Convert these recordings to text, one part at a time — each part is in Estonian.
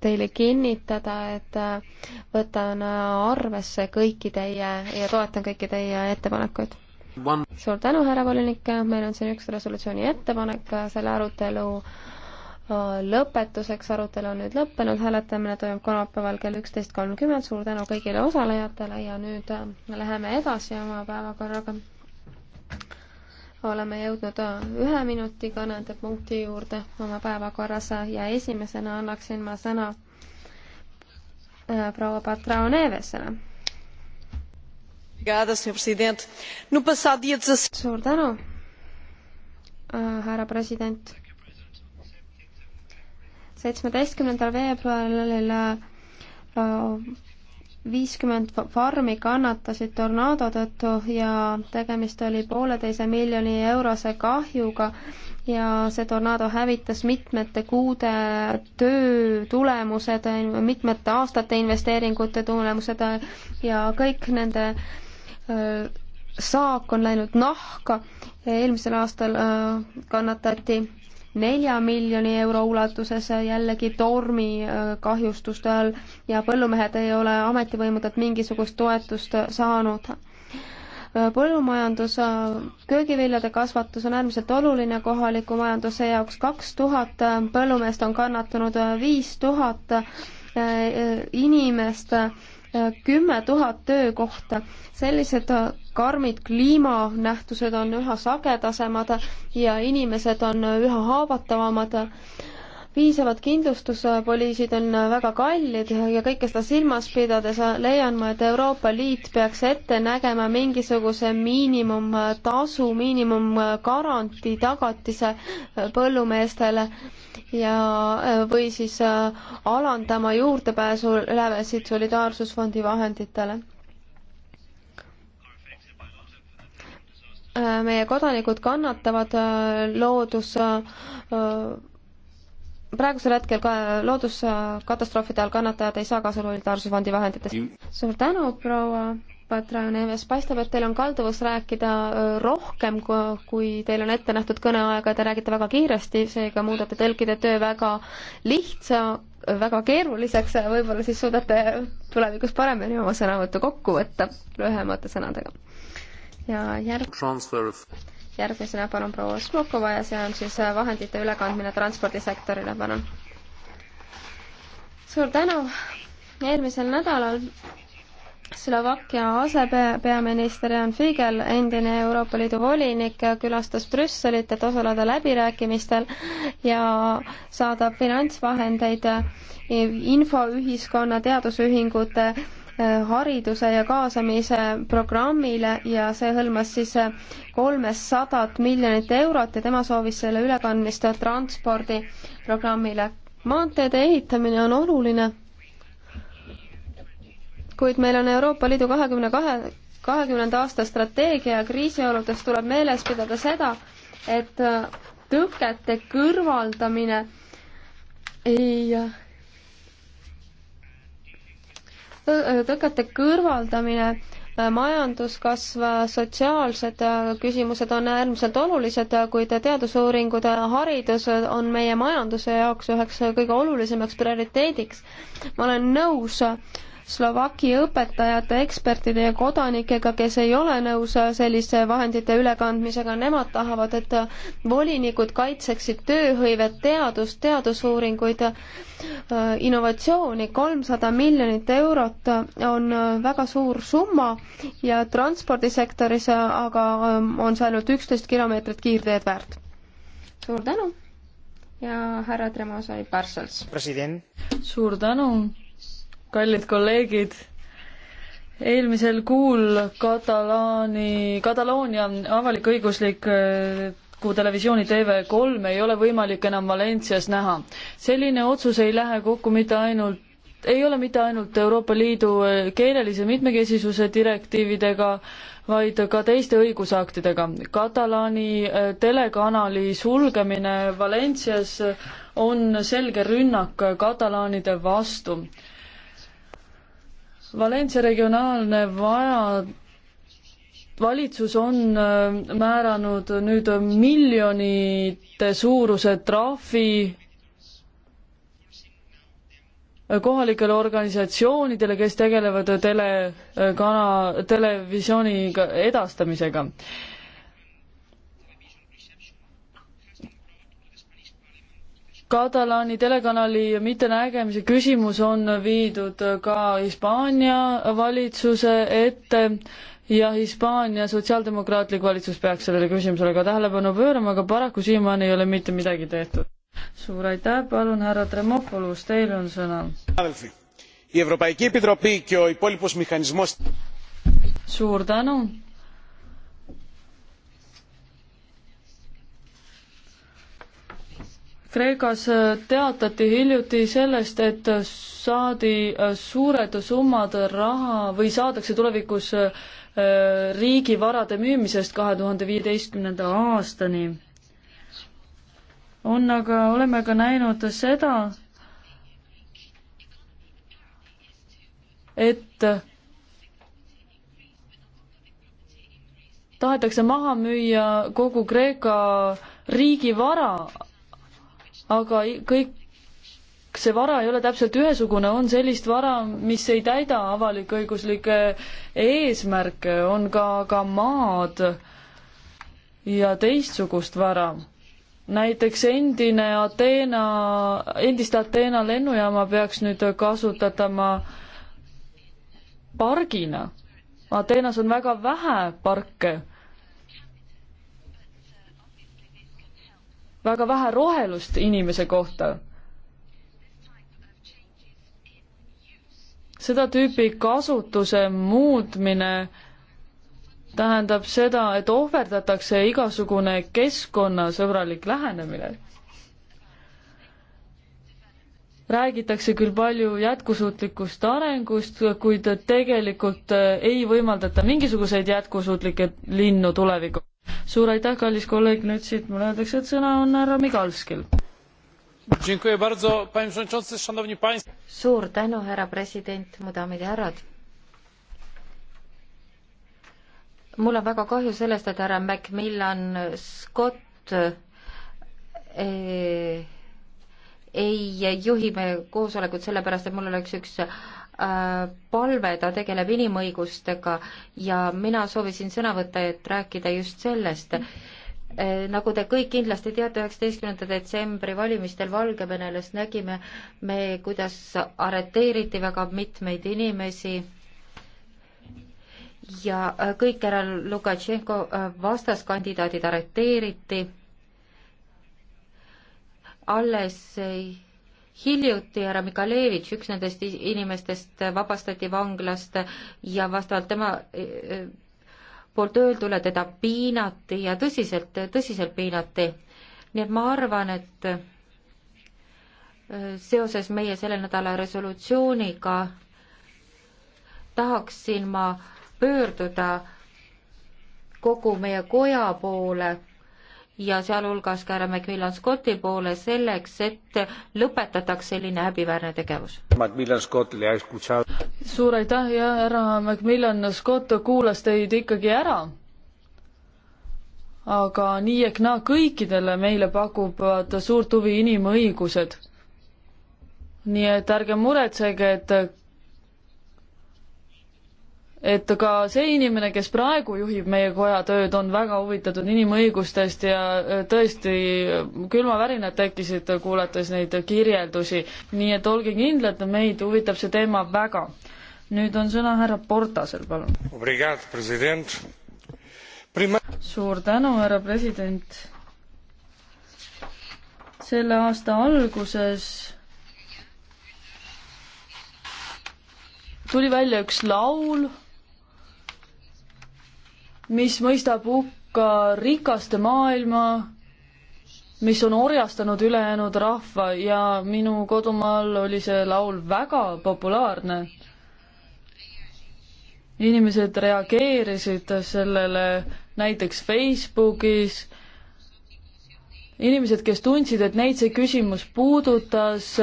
teile kinnitada, et äh, võtan äh, arvesse kõiki teie ja toetan kõiki teie ettepanekuid. suur tänu, härra volinik, meil on siin üks resolutsiooni ettepanek selle arutelu äh, lõpetuseks, arutelu on nüüd lõppenud, hääletamine toimub kolmapäeval kell üksteist kolmkümmend, suur tänu kõigile osalejatele ja nüüd läheme edasi oma päevakorraga oleme jõudnud äh, ühe minuti kõnede punkti juurde oma päevakorras äh, ja esimesena annaksin ma sõna äh, proua Patrao Nevesele. suur tänu, härra president. seitsmeteistkümnendal veebruaril viiskümmend farmi kannatasid tornaado tõttu ja tegemist oli pooleteise miljoni eurose kahjuga ja see tornaado hävitas mitmete kuude töö tulemused, mitmete aastate investeeringute tulemused ja kõik nende äh, saak on läinud nahka. eelmisel aastal äh, kannatati nelja miljoni euro ulatuses jällegi tormi äh, kahjustuste all ja põllumehed ei ole ametivõimudelt mingisugust toetust saanud äh, põllumajandus, äh, köögiviljade kasvatus on äärmiselt oluline kohaliku majanduse jaoks, kaks tuhat põllumeest on kannatanud, viis tuhat inimest kümme tuhat töökohta. sellised karmid kliimanähtused on üha sagedasemad ja inimesed on üha haavatavamad. piisavad kindlustuspoliisid on väga kallid ja kõike seda silmas pidades leian ma, et Euroopa Liit peaks ette nägema mingisuguse miinimumtasu, miinimumgarantii tagatise põllumeestele ja, äh, või siis äh, alandama juurdepääsu lävesid Solidaarsusfondi vahenditele. Äh, meie kodanikud kannatavad loodus praegusel hetkel ka looduskatastroofide all kannatajad ei saa kasu solidaarsusfondi vahenditest. suur tänu, proua Patran Eves, paistab, et teil on kalduvus rääkida äh, rohkem, kui teil on ette nähtud kõneaega, te räägite väga kiiresti, seega muudate tõlkide töö väga lihtsa, väga keeruliseks ja võib-olla siis suudate tulevikus paremini oma sõnavõttu kokku võtta lühemate sõnadega. ja järg-. järgmisena palun proua Smokova ja see on siis äh, vahendite ülekandmine transpordisektorile, palun. suur tänu, eelmisel nädalal Slovakkia asepeaminister Jan Figel, endine Euroopa Liidu volinik, külastas Brüsselit, et osaleda läbirääkimistel ja saada finantsvahendeid eh, infoühiskonna teadusühingute eh, hariduse ja kaasamise programmile ja see hõlmas siis eh, kolmesadat miljonit eurot ja tema soovis selle ülekandmist transpordiprogrammile. maanteede ehitamine on oluline kuid meil on Euroopa Liidu kahekümne kahe, kahekümnenda aasta strateegia ja kriisioludes tuleb meeles pidada seda, et äh, tõkete kõrvaldamine ei äh, äh, tõkete kõrvaldamine, majanduskasv, sotsiaalsed küsimused on äärmiselt olulised, kuid teadusuuringud ja haridus on meie majanduse jaoks üheks kõige olulisemaks prioriteediks. ma olen nõus äh, Slovaki õpetajate, ekspertide ja kodanikega, kes ei ole nõus selliste vahendite ülekandmisega, nemad tahavad, et volinikud kaitseksid tööhõivet, teadust, teadusuuringuid, innovatsiooni, kolmsada miljonit eurot on väga suur summa ja transpordisektoris aga on see ainult üksteist kilomeetrit kiirteed väärt. suur tänu ja härra Tremosa Iparsals. suur tänu kallid kolleegid, eelmisel kuul Katalaani, Kataloonia avalik-õiguslik eh, kui televisiooni TV3 ei ole võimalik enam Valencias näha. selline otsus ei lähe kokku mitte ainult, ei ole mitte ainult Euroopa Liidu eh, keelelise mitmekesisuse direktiividega, vaid ka teiste õigusaktidega. Katalaani eh, telekanali sulgemine Valencias on selge rünnak katalaanide vastu Valencia regionaalne vaja, valitsus on äh, määranud nüüd miljonite suuruse trahvi äh, kohalikele organisatsioonidele, kes tegelevad telekana, äh, televisiooni edastamisega. Katalaani telekanali mittenägemise küsimus on viidud ka Hispaania valitsuse ette ja Hispaania sotsiaaldemokraatlik valitsus peaks sellele küsimusele ka tähelepanu pöörama, aga paraku siiamaani ei ole mitte midagi tehtud. suur aitäh, palun härra Tremopolus, teil on sõna. suur tänu Kreekas äh, teatati hiljuti sellest, et äh, saadi äh, suured summad raha või saadakse tulevikus riigivarade müümisest kahe tuhande viieteistkümnenda aastani. on aga, oleme ka näinud seda, et tahetakse maha müüa kogu Kreeka riigivara, aga kõik see vara ei ole täpselt ühesugune, on sellist vara, mis ei täida avalik-õiguslikke eesmärke, on ka, ka maad ja teistsugust vara. näiteks endine Ateena, endist Ateena lennujaama peaks nüüd kasutatama pargina. Ateenas on väga vähe parke väga vähe rohelust inimese kohta. seda tüüpi kasutuse muutmine tähendab seda, et ohverdatakse igasugune keskkonnasõbralik lähenemine. räägitakse küll palju jätkusuutlikust arengust, kuid tegelikult ei võimaldata mingisuguseid jätkusuutlikke linnu tulevikus suur aitäh, kallis kolleeg, nüüd siit mulle öeldakse, et sõna on härra Migalskil. suur tänu, härra president, mu daamid ja härrad. mul on väga kahju sellest, et härra Macmillan Scott eh, ei juhi meie koosolekut sellepärast, et mul oleks üks Äh, palve, ta tegeleb inimõigustega ja mina soovisin sõna võtta, et rääkida just sellest. Äh, nagu te kõik kindlasti teate, üheksateistkümnenda detsembri valimistel Valgevenelas nägime me, kuidas arreteeriti väga mitmeid inimesi ja äh, kõik ära Lukašenko vastaskandidaadid arreteeriti. alles ei hiljuti härra Mikalevitš, üks nendest inimestest, vabastati vanglast ja vastavalt tema e, e, poolt öeldule teda piinati ja tõsiselt, tõsiselt piinati. nii et ma arvan, et e, seoses meie selle nädala resolutsiooniga tahaksin ma pöörduda kogu meie koja poole ja sealhulgas ka härra Macmillan Scotti poole selleks, et lõpetataks selline häbiväärne tegevus. suur aitäh ja härra Macmillan Scott kuulas teid ikkagi ära. aga nii ehk naa kõikidele meile pakuvad suurt huvi inimõigused. nii et ärge muretsege, et et ka see inimene, kes praegu juhib meie koja tööd, on väga huvitatud inimõigustest ja e, tõesti külmavärinad tekkisid, kuulates neid kirjeldusi. nii et olge kindlad, meid huvitab see teema väga. nüüd on sõna härra Portasel, palun. suur tänu, härra president. selle aasta alguses tuli välja üks laul mis mõistab hukka rikaste maailma, mis on orjastanud ülejäänud rahva ja minu kodumaal oli see laul väga populaarne. inimesed reageerisid sellele näiteks Facebookis, inimesed, kes tundsid, et neid see küsimus puudutas,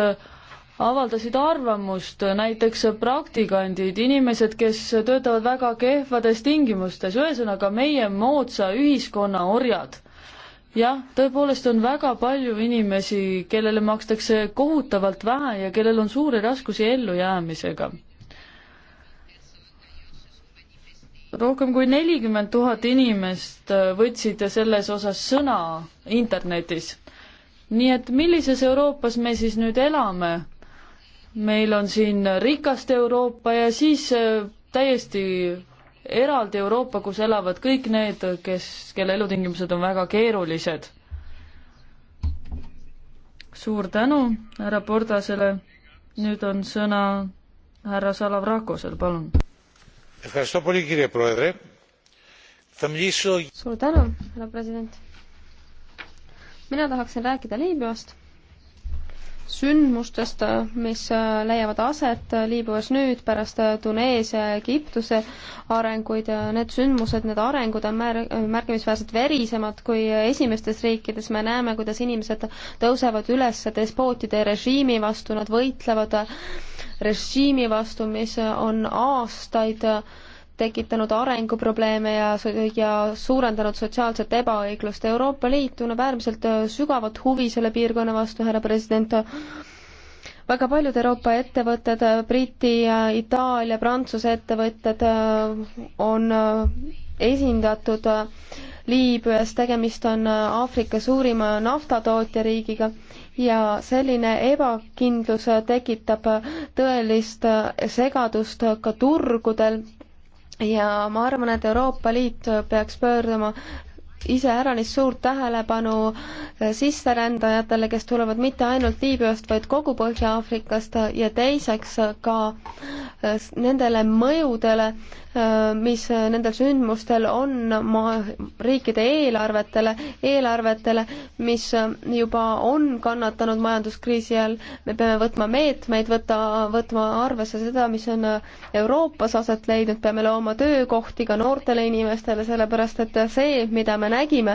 avaldasid arvamust, näiteks praktikandid, inimesed, kes töötavad väga kehvades tingimustes, ühesõnaga meie moodsa ühiskonna orjad. jah, tõepoolest on väga palju inimesi, kellele makstakse kohutavalt vähe ja kellel on suuri raskusi ellujäämisega. rohkem kui nelikümmend tuhat inimest võtsid selles osas sõna internetis. nii et millises Euroopas me siis nüüd elame? meil on siin rikast Euroopa ja siis äh, täiesti eraldi Euroopa, kus elavad kõik need, kes, kelle elutingimused on väga keerulised. suur tänu härra Pordasele. nüüd on sõna härra Salavrakosel, palun. suur tänu, härra president. mina tahaksin rääkida Liibüast sündmustest, mis äh, leiavad aset äh, Liibüas nüüd pärast äh, Tuneesia ja Egiptuse arenguid ja need sündmused, need arengud on mär-, märkimisväärselt verisemad kui esimestes riikides, me näeme, kuidas inimesed tõusevad üles despootide režiimi vastu, nad võitlevad režiimi vastu, mis on aastaid äh, tekitanud arenguprobleeme ja, ja suurendanud sotsiaalset ebaõiglust. Euroopa Liit tunneb äärmiselt äh, sügavat huvi selle piirkonna vastu, härra president. väga paljud Euroopa ettevõtted, äh, Briti, Itaalia, Prantsuse ettevõtted äh, on esindatud Liibüas, tegemist on Aafrika suurima naftatootjariigiga ja selline ebakindlus tekitab tõelist segadust ka turgudel ja ma arvan, et Euroopa Liit peaks pöörduma iseäranis suurt tähelepanu äh, sisserändajatele, kes tulevad mitte ainult Liibüast, vaid kogu Põhja-Aafrikast äh, ja teiseks äh, ka nendele mõjudele, mis nendel sündmustel on maa, riikide eelarvetele, eelarvetele, mis juba on kannatanud majanduskriisi all. me peame võtma meetmeid, võtta, võtma arvesse seda, mis on Euroopas aset leidnud, peame looma töökohti ka noortele inimestele, sellepärast et see, mida me näeme, nägime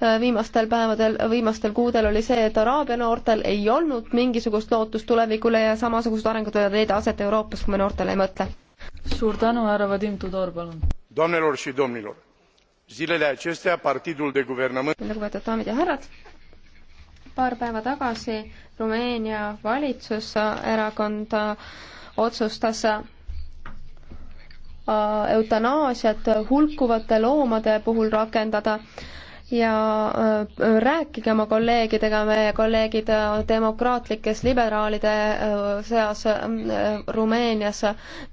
äh, viimastel päevadel, viimastel kuudel, oli see, et Araabia noortel ei olnud mingisugust lootust tulevikule ja samasugused arengud võivad leida aset Euroopas, kui me noortele ei mõtle. suur tänu, härra Vadim Tudor, palun. lugupeetud daamid ja härrad, paar päeva tagasi Rumeenia valitsuserakond otsustas eutanaasiat hulkuvate loomade puhul rakendada ja äh, rääkige oma kolleegidega, meie kolleegid äh, demokraatlikes liberaalide äh, seas Rumeenias,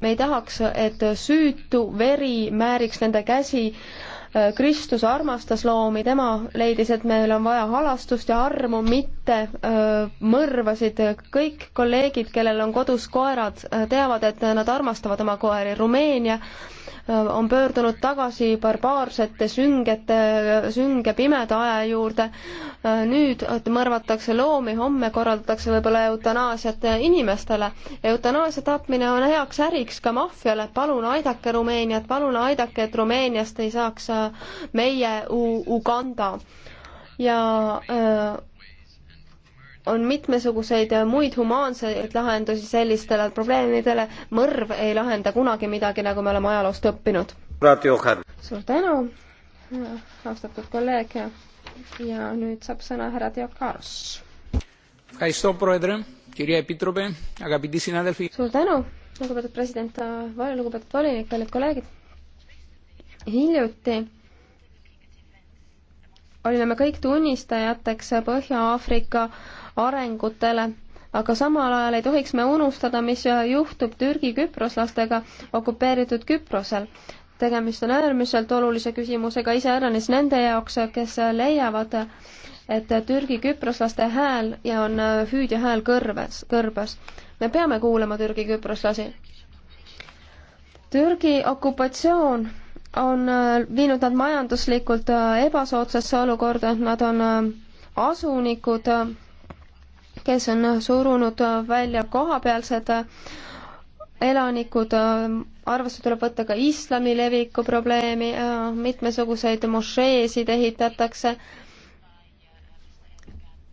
me ei tahaks, et süütu veri määriks nende käsi. Kristus armastas loomi, tema leidis, et meil on vaja halastust ja armu, mitte kätte, mõrvasid, kõik kolleegid, kellel on kodus koerad, teavad, et nad armastavad oma koeri. Rumeenia on pöördunud tagasi barbaarsete, süngete, sünge pimeda aja juurde. nüüd mõrvatakse loomi, homme korraldatakse võib-olla eutanaasiat inimestele. eutanaasia tapmine on heaks äriks ka maffiale. palun aidake Rumeeniat, palun aidake, et Rumeeniast ei saaks meie U Uganda ja öö, on mitmesuguseid muid humaanseid lahendusi sellistele probleemidele, mõrv ei lahenda kunagi midagi, nagu me oleme ajaloost õppinud. suur tänu, austatud kolleeg ja, ja nüüd saab sõna härra Diakaros. suur tänu, lugupeetud president, lugupeetud volinik, kallid kolleegid. hiljuti olime me kõik tunnistajateks Põhja-Aafrika arengutele, aga samal ajal ei tohiks me unustada, mis juhtub Türgi küproslastega okupeeritud Küprosel. tegemist on äärmiselt olulise küsimusega iseäranis nende jaoks, kes leiavad, et Türgi küproslaste hääl ja on hüüdja hääl kõrves, kõrbes. me peame kuulama Türgi küproslasi. Türgi okupatsioon on viinud nad majanduslikult ebasoodsasse olukorda, nad on asunikud kes on surunud välja kohapealsed elanikud, arvesse tuleb võtta ka islami leviku probleemi, mitmesuguseid mošeesid ehitatakse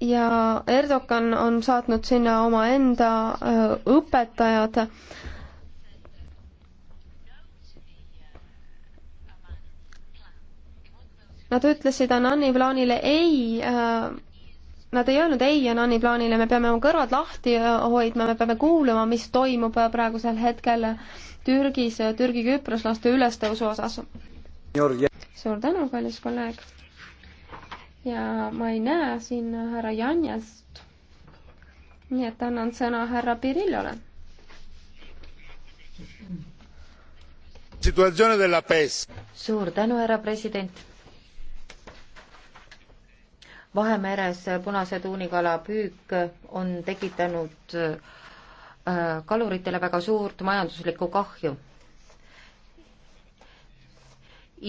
ja Erdogan on saatnud sinna omaenda äh, õpetajad, Nad ütlesid Anani plaanile ei äh, Nad ei öelnud ei Janani plaanile, me peame oma kõrvad lahti äh, hoidma, me peame kuulama, mis toimub äh, praegusel hetkel äh, Türgis, Türgi küproslaste ülestõusu osas. suur tänu, kallis kolleeg. ja ma ei näe siin härra Janjast. nii et annan sõna härra Pirillole. suur tänu, härra president Vahemeres punase tuunikala püük on tekitanud äh, kaluritele väga suurt majanduslikku kahju.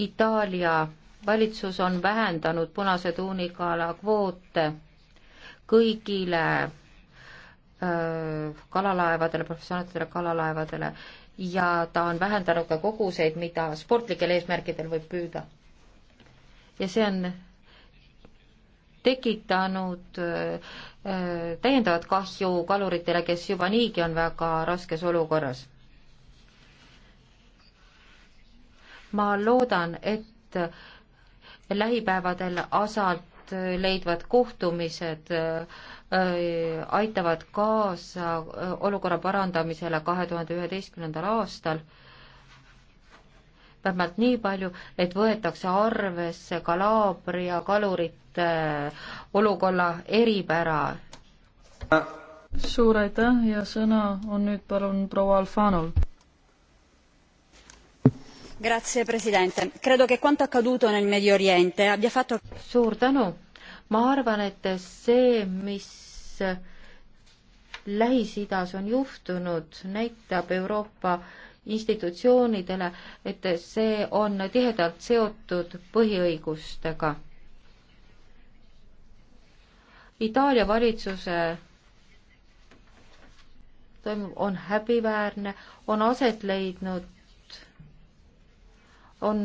Itaalia valitsus on vähendanud punase tuunikala kvoote kõigile äh, kalalaevadele, professionaalsetele kalalaevadele ja ta on vähendanud ka koguseid, mida sportlikel eesmärkidel võib püüda. ja see on tekitanud äh, täiendavat kahju kaluritele, kes juba niigi on väga raskes olukorras. ma loodan, et lähipäevadel asalt leidvad kohtumised äh, aitavad kaasa äh, olukorra parandamisele kahe tuhande üheteistkümnendal aastal vähemalt nii palju, et võetakse arvesse Kalabria kalurite Äh, olukorra eripära. suur aitäh ja sõna on nüüd palun proua Alfanol. Grazie Presidente. Credo che quanto accaduto nel Medio Oriente abbia fatto... Suur tänu. Ma arvan, et see, mis Lähis-Idas on juhtunud, näitab Euroopa institutsioonidele, et see on tihedalt seotud põhiõigustega Itaalia valitsuse toimub, on häbiväärne, on aset leidnud, on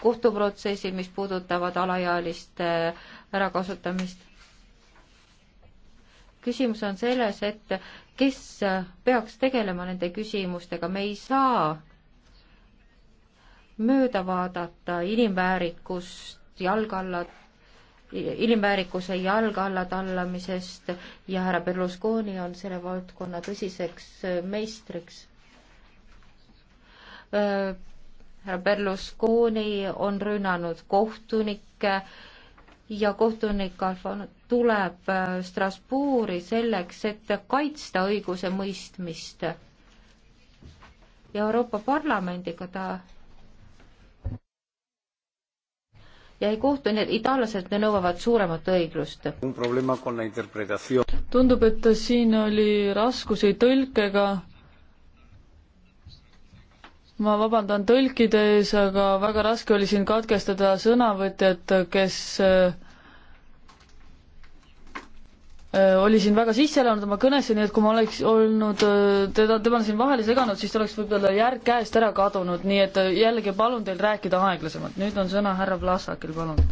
kohtuprotsessid, mis puudutavad alaealiste ärakasutamist. küsimus on selles, et kes peaks tegelema nende küsimustega, me ei saa mööda vaadata inimväärikust, jalge alla inimväärikuse jalge alla tallamisest ja härra Berlusconi on selle valdkonna tõsiseks äh, meistriks. Äh, härra Berlusconi on rünnanud kohtunikke ja kohtunik Alfano tuleb äh, Strasbourgi selleks, et kaitsta õigusemõistmist. ja Euroopa Parlamendiga ta ja ei kohtu, nii et itaallased nõuavad suuremat õiglust. tundub, et siin oli raskusi tõlkega. ma vabandan tõlkide ees, aga väga raske oli siin katkestada sõnavõtjat, kes äh, Äh, oli siin väga sisse elanud oma kõnesse, nii et kui ma oleks olnud äh, teda, tema siin vahele seganud, siis ta oleks võib-olla järg käest ära kadunud, nii et äh, jällegi palun teil rääkida aeglasemalt. nüüd on sõna härra Vlasakil, palun.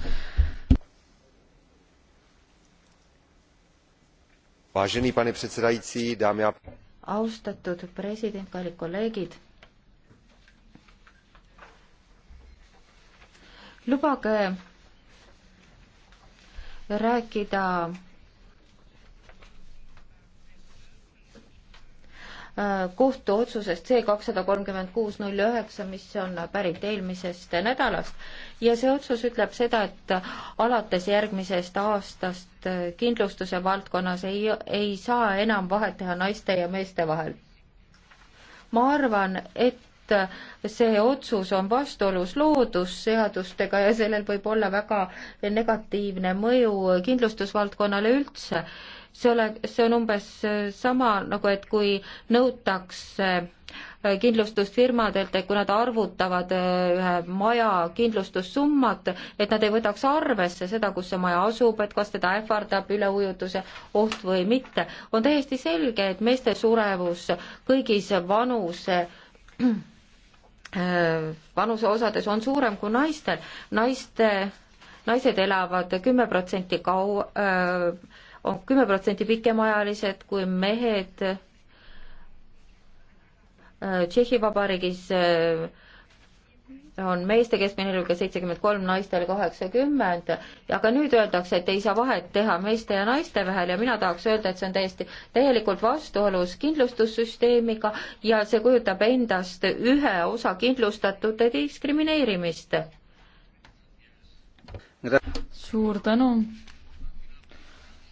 austatud president, kallid kolleegid. lubage rääkida kohtuotsusest C kakssada kolmkümmend kuus null üheksa, mis on pärit eelmisest nädalast ja see otsus ütleb seda, et alates järgmisest aastast kindlustuse valdkonnas ei, ei saa enam vahet teha naiste ja meeste vahel. ma arvan, et see otsus on vastuolus loodusseadustega ja sellel võib olla väga negatiivne mõju kindlustusvaldkonnale üldse see ole, see on umbes äh, sama, nagu et kui nõutakse äh, kindlustusfirmadelt, et kui nad arvutavad äh, ühe maja kindlustussummat, et nad ei võtaks arvesse seda, kus see maja asub, et kas teda ähvardab üleujutuse oht või mitte. on täiesti selge, et meeste surevus kõigis vanuse vanuseosades on suurem kui naistel. naiste, naised elavad kümme protsenti kau-, äh, on kümme protsenti pikemaajalised kui mehed. Äh, Tšehhi Vabariigis äh, on meeste keskmine eluiga seitsekümmend kolm, naistel kaheksakümmend, aga nüüd öeldakse, et ei saa vahet teha meeste ja naiste vahel ja mina tahaks öelda, et see on täiesti täielikult vastuolus kindlustussüsteemiga ja see kujutab endast ühe osa kindlustatute diskrimineerimist. suur tänu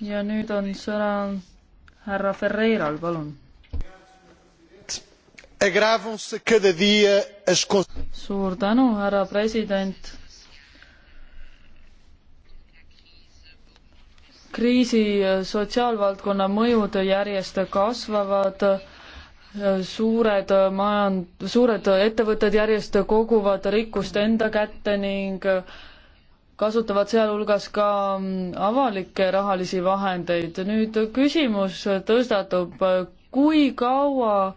ja nüüd on sõna härra Ferreiral, palun. E suur tänu, härra president kriisi sotsiaalvaldkonna mõjud järjest kasvavad, suured majand-, suured ettevõtted järjest koguvad rikkust enda kätte ning kasutavad sealhulgas ka mm, avalikke rahalisi vahendeid. nüüd küsimus tõstatub, kui kaua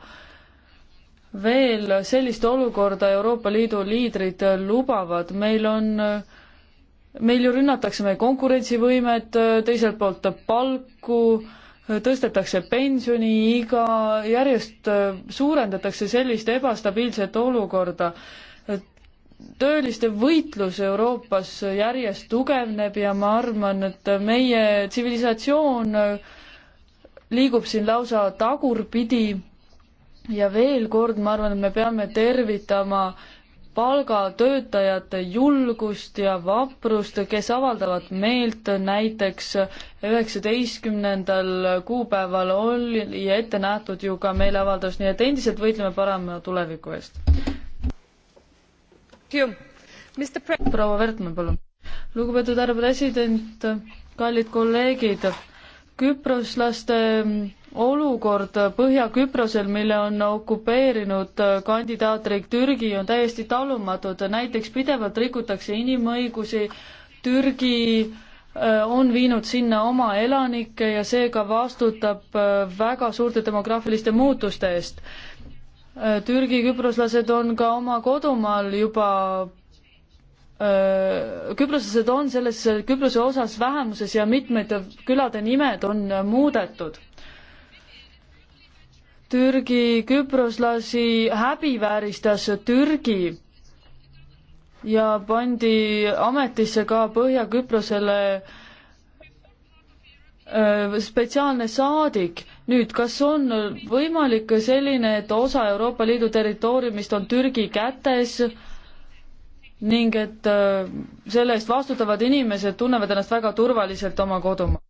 veel sellist olukorda Euroopa Liidu liidrid lubavad, meil on, meil ju rünnatakse meie konkurentsivõimet, teiselt poolt palku, tõstetakse pensioniiga, järjest suurendatakse sellist ebastabiilset olukorda tööliste võitlus Euroopas järjest tugevneb ja ma arvan, et meie tsivilisatsioon liigub siin lausa tagurpidi. ja veel kord, ma arvan, et me peame tervitama palgatöötajate julgust ja vaprust, kes avaldavad meelt, näiteks üheksateistkümnendal kuupäeval oli ette nähtud ju ka meeleavaldus, nii et endiselt võitleme parema tuleviku eest proua Vertmann, palun. lugupeetud härra president, kallid kolleegid, küproslaste mm, olukord Põhja-Küprosel, mille on okupeerinud äh, kandidaatriik Türgi, on täiesti talumatud, näiteks pidevalt rikutakse inimõigusi, Türgi äh, on viinud sinna oma elanikke ja seega vastutab äh, väga suurte demograafiliste muutuste eest Äh, Türgi küproslased on ka oma kodumaal juba äh, küproslased on selles Küprose osas vähemuses ja mitmed külade nimed on äh, muudetud. Türgi küproslasi häbivääristas Türgi ja pandi ametisse ka Põhja-Küprosele spetsiaalne saadik nüüd, kas on võimalik selline, et osa Euroopa Liidu territooriumist on Türgi kätes ning et äh, selle eest vastutavad inimesed tunnevad ennast väga turvaliselt oma kodumaal?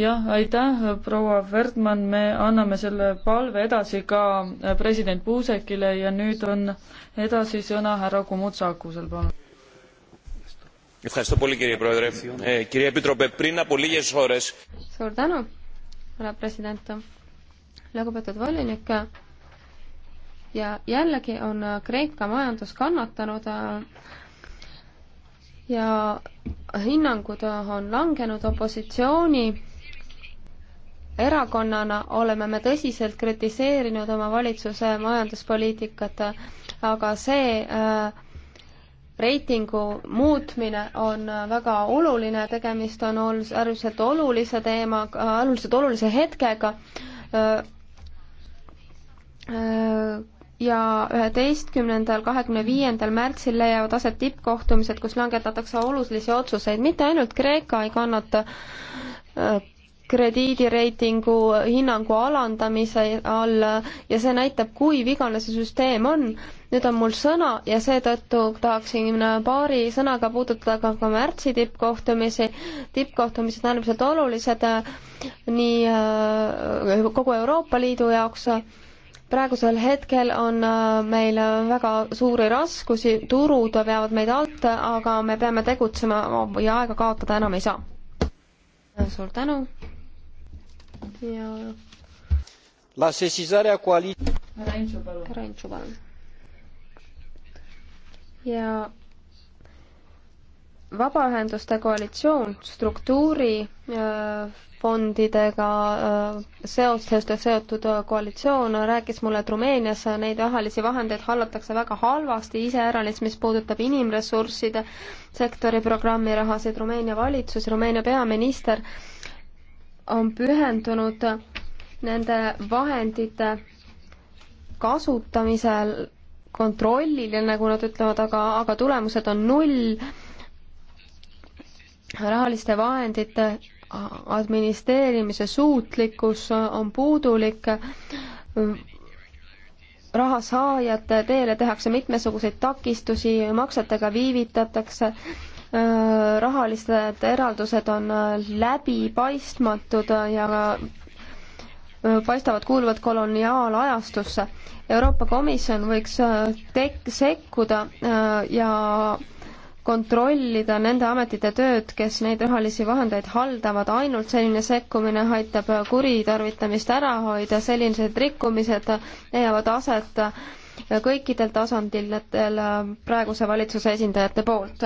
jah, aitäh, proua Ferdman, me anname selle palve edasi ka äh, president Puusekile ja nüüd on edasi sõna härra Kumutsakusel, palun. Suur tänu härra president, lugupeetud volinik ja jällegi on Kreeka majandus kannatanud ja hinnangud on langenud opositsiooni erakonnana oleme me tõsiselt kritiseerinud oma valitsuse majanduspoliitikat, aga see äh, reitingu muutmine on väga oluline, tegemist on olus-, äärmiselt olulise teemaga, äärmiselt olulise hetkega ja üheteistkümnendal, kahekümne viiendal märtsil leiavad aset tippkohtumised, kus langetatakse olulisi otsuseid, mitte ainult Kreeka ei kannata äh, krediidireitingu hinnangu alandamise all ja see näitab, kui vigane see süsteem on nüüd on mul sõna ja seetõttu tahaksin paari sõnaga puudutada ka, ka märtsi tippkohtumisi. tippkohtumised on äärmiselt olulised äh, nii äh, kogu Euroopa Liidu jaoks praegusel hetkel on äh, meil väga suuri raskusi, turud veavad meid alt, aga me peame tegutsema ja aega kaotada enam ei saa. suur tänu ja. härra Intsu, palun ja Vabaühenduste Koalitsioon struktuurifondidega äh, äh, seostest ja seotud äh, koalitsioon rääkis mulle, et Rumeenias neid rahalisi vahendeid hallatakse väga halvasti, iseäranis, mis puudutab inimressursside sektori programmi rahasid. Rumeenia valitsus, Rumeenia peaminister on pühendunud nende vahendite kasutamisel kontrollil ja nagu nad ütlevad, aga, aga tulemused on null. rahaliste vahendite administreerimise suutlikkus on puudulik raha saajate teele tehakse mitmesuguseid takistusi, maksetega viivitatakse, rahalised eraldused on läbipaistmatud ja paistavad kuuluvat koloniaalajastusse. Euroopa Komisjon võiks tek-, sekkuda ja kontrollida nende ametite tööd, kes neid rahalisi vahendeid haldavad, ainult selline sekkumine aitab kuritarvitamist ära hoida, sellised rikkumised leiavad aset kõikidel tasanditel praeguse valitsuse esindajate poolt.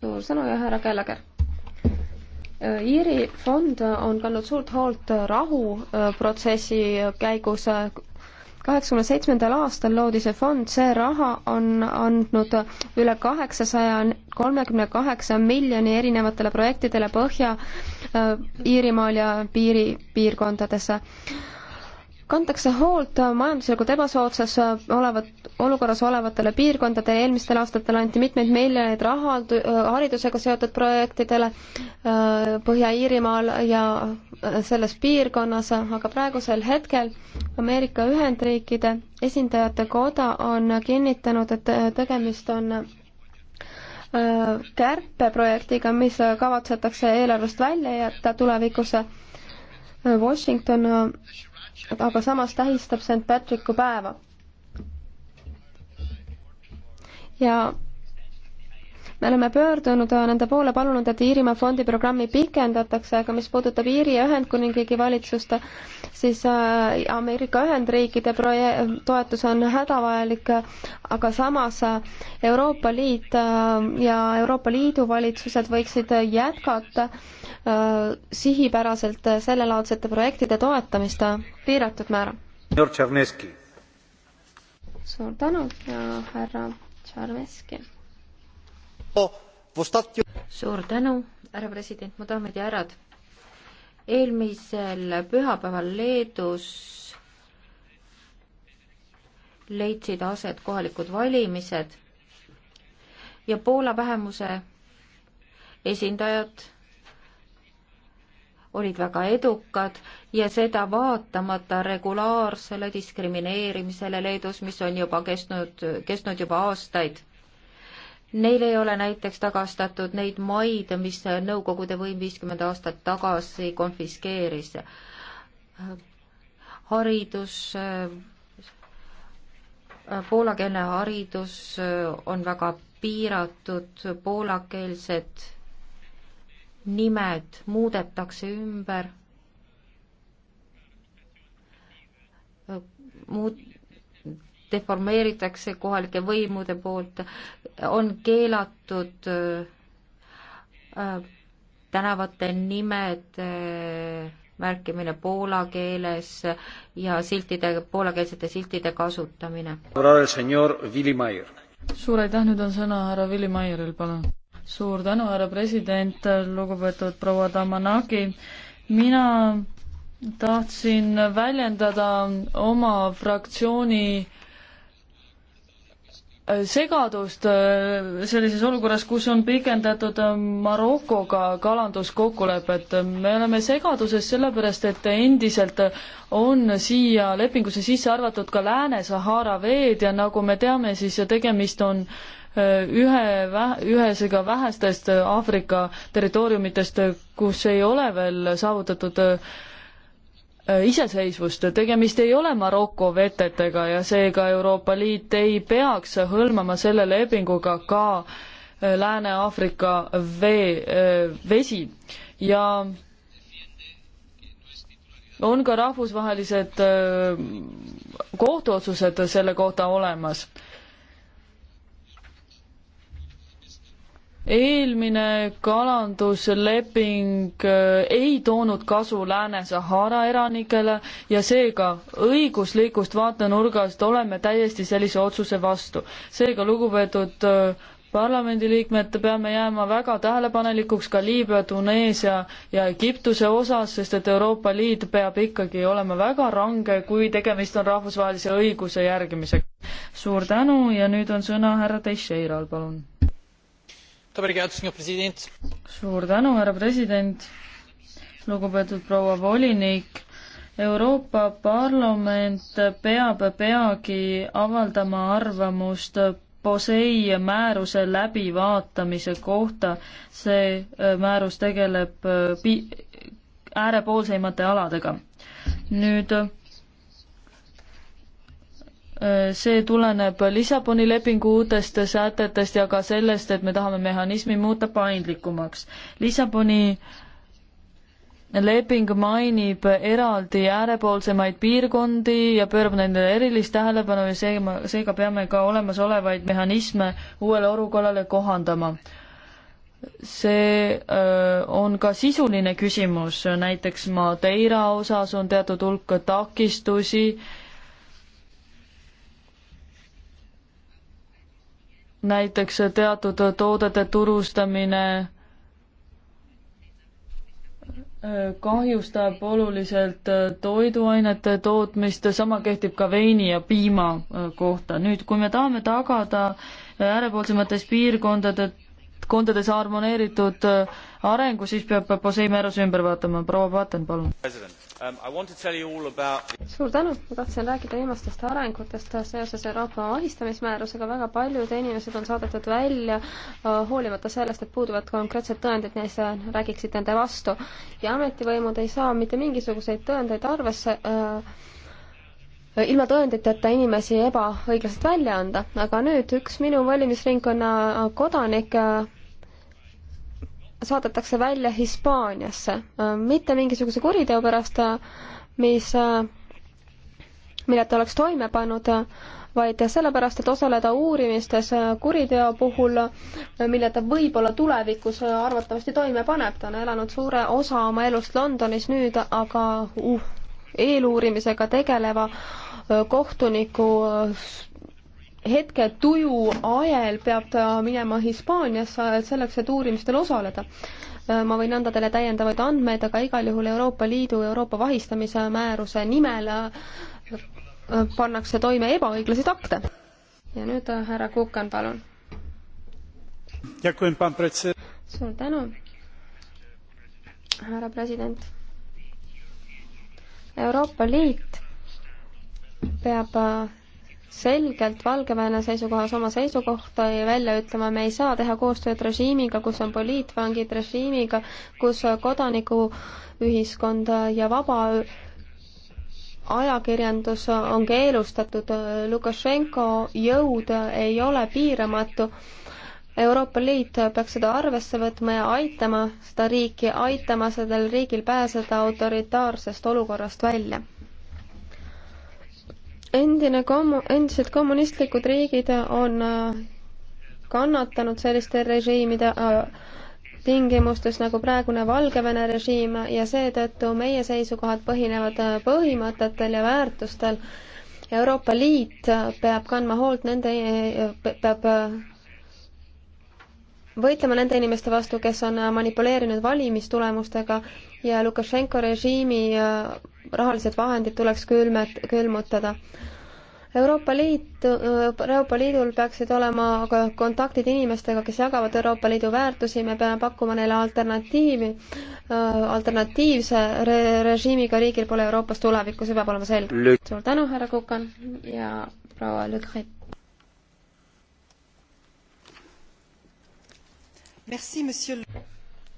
suur sõnu ja härra Kellager! Äh, Iiri fond äh, on kandnud suurt hoolt äh, rahuprotsessi käigus. kaheksakümne seitsmendal aastal loodi see fond, see raha on andnud üle kaheksasaja kolmekümne kaheksa miljoni erinevatele projektidele Põhja-Iirimaal ja piiripiirkondades kantakse hoolt majanduslikult ebasoodsas olevat, olukorras olevatele piirkondadele, eelmistel aastatel anti mitmeid miljoneid raha äh, haridusega seotud projektidele äh, Põhja-Iirimaal ja äh, selles piirkonnas, aga praegusel hetkel Ameerika Ühendriikide esindajate koda on kinnitanud, et tegemist on kärpeprojektiga, mis kavatsetakse eelarvest välja jätta tulevikus. Washington aga samas tähistab St Patricku päeva. ja me oleme pöördunud äh, nende poole, palunud, et Iirimaa fondi programmi pikendatakse, aga mis puudutab Iiri ja Ühendkuningriigi valitsust, siis äh, Ameerika Ühendriikide proje-, toetus on hädavajalik, aga samas äh, Euroopa Liit ja Euroopa Liidu valitsused võiksid jätkata sihipäraselt sellelaadsete projektide toetamist piiratud määral. suur tänu ja härra Tšarneski suur tänu, härra president, mu daamid ja härrad. eelmisel pühapäeval Leedus leidsid aset kohalikud valimised ja Poola vähemuse esindajad olid väga edukad ja seda vaatamata regulaarsele diskrimineerimisele Leedus, mis on juba kestnud, kestnud juba aastaid Neil ei ole näiteks tagastatud neid maid, mis Nõukogude võim viiskümmend aastat tagasi konfiskeeris. haridus, poolakeelne haridus on väga piiratud, poolakeelsed nimed muudetakse ümber, muud-, deformeeritakse kohalike võimude poolt, on keelatud äh, äh, tänavate nimed äh, märkimine poola keeles ja siltide, poolakeelsete siltide kasutamine. suur aitäh, nüüd on sõna härra Willy Maieril, palun. suur tänu, härra president, lugupeetud proua Tamanagi. mina tahtsin väljendada oma fraktsiooni segadust äh, sellises olukorras, kus on pikendatud äh, Marokoga kalanduskokkulepet. me oleme segaduses sellepärast, et endiselt on siia lepingusse sisse arvatud ka Lääne-Sahara veed ja nagu me teame, siis tegemist on äh, ühe, ühesega vähestest Aafrika territooriumitest, kus ei ole veel saavutatud Äh, iseseisvust, tegemist ei ole Maroko vetetega ja seega Euroopa Liit ei peaks hõlmama selle lepinguga ka äh, Lääne-Aafrika vee, äh, vesi ja on ka rahvusvahelised kohtuotsused selle kohta olemas eelmine kalandusleping äh, ei toonud kasu Lääne-Sahara elanikele ja seega õiguslikust vaatenurgast oleme täiesti sellise otsuse vastu. seega, lugupeetud äh, parlamendiliikmed, peame jääma väga tähelepanelikuks ka Liibüa, Tuneesia ja Egiptuse osas, sest et Euroopa Liit peab ikkagi olema väga range, kui tegemist on rahvusvahelise õiguse järgimisega. suur tänu ja nüüd on sõna härra Teixeiral, palun suur tänu, härra president, lugupeetud proua volinik. Euroopa Parlament peab peagi avaldama arvamust POSEI määruse läbivaatamise kohta. see äh, määrus tegeleb äh, pi-, äärepoolseimate aladega. nüüd Äh, see tuleneb Lissaboni lepingu uutest sätetest ja ka sellest, et me tahame mehhanismi muuta paindlikumaks. Lissaboni leping mainib eraldi äärepoolsemaid piirkondi ja pöörab nendele erilist tähelepanu ja seega, seega peame ka olemasolevaid mehhanisme uuele olukorrale kohandama. see öö, äh, on ka sisuline küsimus, näiteks Madeira osas on teatud hulk takistusi öö, näiteks teatud toodete turustamine äh, kahjustab oluliselt äh, toiduainete tootmist, sama kehtib ka veini ja piima äh, kohta. nüüd, kui me tahame tagada äärepoolsemates piirkondade, kondades harmoneeritud arengu, siis peab Posei määruse ümber vaatama. proua Paten, palun. president Um, suur tänu, ma tahtsin rääkida viimastest arengutest seoses Euroopa ahistamismäärusega, väga paljud inimesed on saadetud välja uh, hoolimata sellest, et puuduvad konkreetsed tõendid, neis uh, räägiksid nende vastu. ja ametivõimud ei saa mitte mingisuguseid tõendeid arvesse uh, ilma tõenditeta inimesi ebaõiglaselt välja anda, aga nüüd üks minu valimisringkonna kodanik saadetakse välja Hispaaniasse, äh, mitte mingisuguse kuriteo pärast, äh, mis, äh, mille ta oleks toime pannud, vaid sellepärast, et osaleda uurimistes kuriteo puhul, mille ta võib-olla tulevikus arvatavasti toime paneb. ta on elanud suure osa oma elust Londonis nüüd, aga uh, eeluurimisega tegeleva kohtuniku hetke tuju ajel peab ta minema Hispaaniasse selleks, et uurimistel osaleda. ma võin anda teile täiendavaid andmeid, aga igal juhul Euroopa Liidu Euroopa vahistamise määruse nimel äh, pannakse toime ebaõiglaseid akte. ja nüüd äh, härra Kukan, palun. suur tänu, härra president. Euroopa Liit peab äh, selgelt Valgevene seisukohas oma seisukohta välja ütlema, me ei saa teha koostööd režiimiga, kus on poliitvangid, režiimiga, kus kodanikuühiskond ja vaba ajakirjandus on keelustatud, Lukašenko jõud ei ole piiramatu. Euroopa Liit peaks seda arvesse võtma ja aitama seda riiki, aitama sellel riigil pääseda autoritaarsest olukorrast välja endine kommu-, endised kommunistlikud riigid on äh, kannatanud selliste režiimide äh, tingimustes nagu praegune Valgevene režiim ja seetõttu meie seisukohad põhinevad äh, põhimõtetel ja väärtustel. Euroopa Liit peab kandma hoolt nende, peab võitlema nende inimeste vastu, kes on manipuleerinud valimistulemustega ja Lukašenko režiimi rahalised vahendid tuleks külmet, külmutada. Euroopa Liit, Euroopa Liidul peaksid olema aga kontaktid inimestega, kes jagavad Euroopa Liidu väärtusi, me peame pakkuma neile alternatiivi, äh, alternatiivse re režiimiga riigil pole Euroopas tulevikku, see peab olema selge. suur tänu, härra Kukan ja proua Lükhet.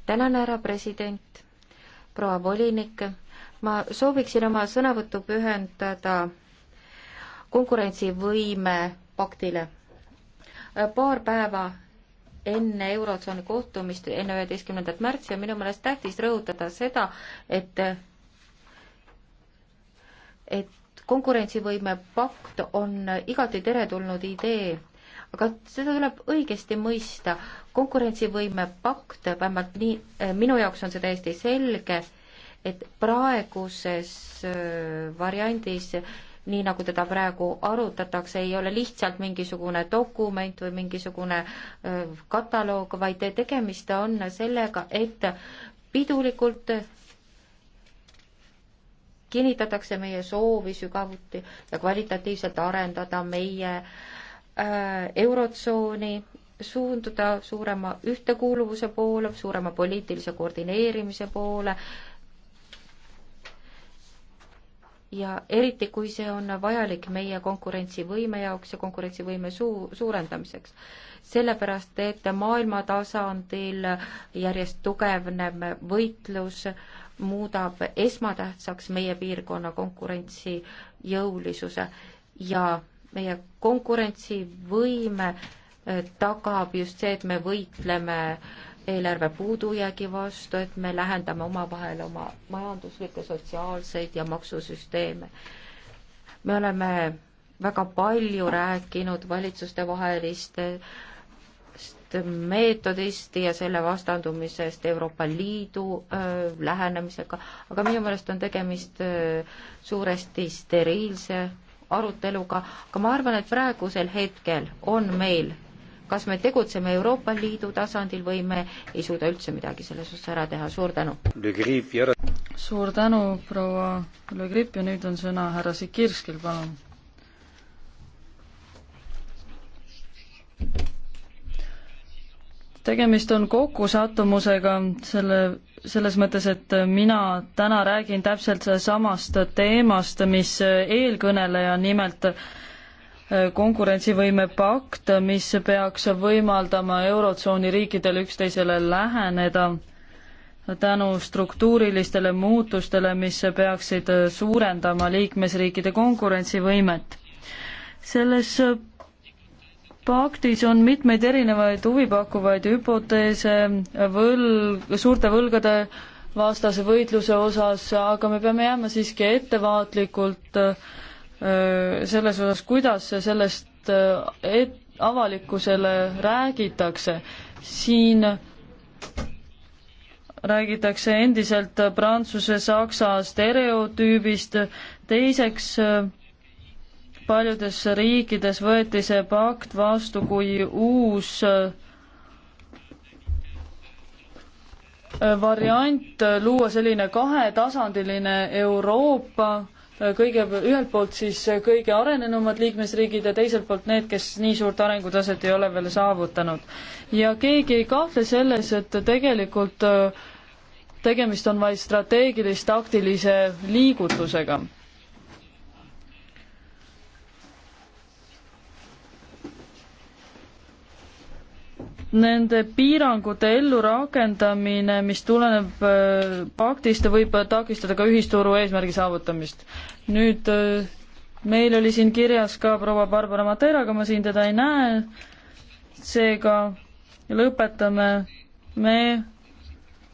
tänan, härra president, proua volinik ma sooviksin oma sõnavõttu pühendada konkurentsivõime paktile. paar päeva enne Eurotsooni kohtumist, enne üheteistkümnendat märtsi on minu meelest tähtis rõhutada seda, et et konkurentsivõime pakt on igati teretulnud idee, aga seda tuleb õigesti mõista. konkurentsivõime pakt, vähemalt nii, minu jaoks on see täiesti selge et praeguses variandis nii nagu teda praegu arutatakse, ei ole lihtsalt mingisugune dokument või mingisugune kataloog, vaid tegemist on sellega, et pidulikult kinnitatakse meie soovi sügavuti ja kvalitatiivselt arendada meie Eurotsooni, suunduda suurema ühtekuuluvuse poole, suurema poliitilise koordineerimise poole, ja eriti, kui see on vajalik meie konkurentsivõime jaoks ja konkurentsivõime suu-, suurendamiseks. sellepärast, et maailma tasandil järjest tugevnev võitlus muudab esmatähtsaks meie piirkonna konkurentsijõulisuse ja meie konkurentsivõime tagab just see, et me võitleme äh, eelarve puudujäägi vastu, et me lähendame omavahel oma majanduslikke, sotsiaalseid ja maksusüsteeme. me oleme väga palju rääkinud valitsustevahelistest meetodist ja selle vastandumisest Euroopa Liidu öö, lähenemisega, aga minu meelest on tegemist öö, suuresti steriilse aruteluga, aga ma arvan, et praegusel hetkel on meil kas me tegutseme Euroopa Liidu tasandil või me ei suuda üldse midagi selles osas ära teha, suur tänu! suur tänu, proua Le Grip ja nüüd on sõna härra Sikirskil, palun! tegemist on kokkusattumusega selle, selles mõttes, et mina täna räägin täpselt samast teemast, mis eelkõneleja, nimelt konkurentsivõime pakt, mis peaks võimaldama Eurotsooni riikidel üksteisele läheneda tänu struktuurilistele muutustele, mis peaksid suurendama liikmesriikide konkurentsivõimet. selles paktis on mitmeid erinevaid huvipakkuvaid hüpoteese, võlg, suurte võlgade vastase võitluse osas, aga me peame jääma siiski ettevaatlikult äh, selles osas, kuidas sellest et-, avalikkusele räägitakse. siin räägitakse endiselt prantsuse-saksa stereotüübist, teiseks paljudes riikides võeti see pakt vastu kui uus variant luua selline kahetasandiline Euroopa, kõige, ühelt poolt siis kõige arenenumad liikmesriigid ja teiselt poolt need, kes nii suurt arengutaset ei ole veel saavutanud. ja keegi ei kahtle selles, et tegelikult äh, tegemist on vaid strateegilist taktilise liigutusega nende piirangute ellurakendamine, mis tuleneb äh, paktist, võib takistada ka ühisturu eesmärgi saavutamist. nüüd äh, meil oli siin kirjas ka proua Barbara Matera, aga ma siin teda ei näe, seega lõpetame me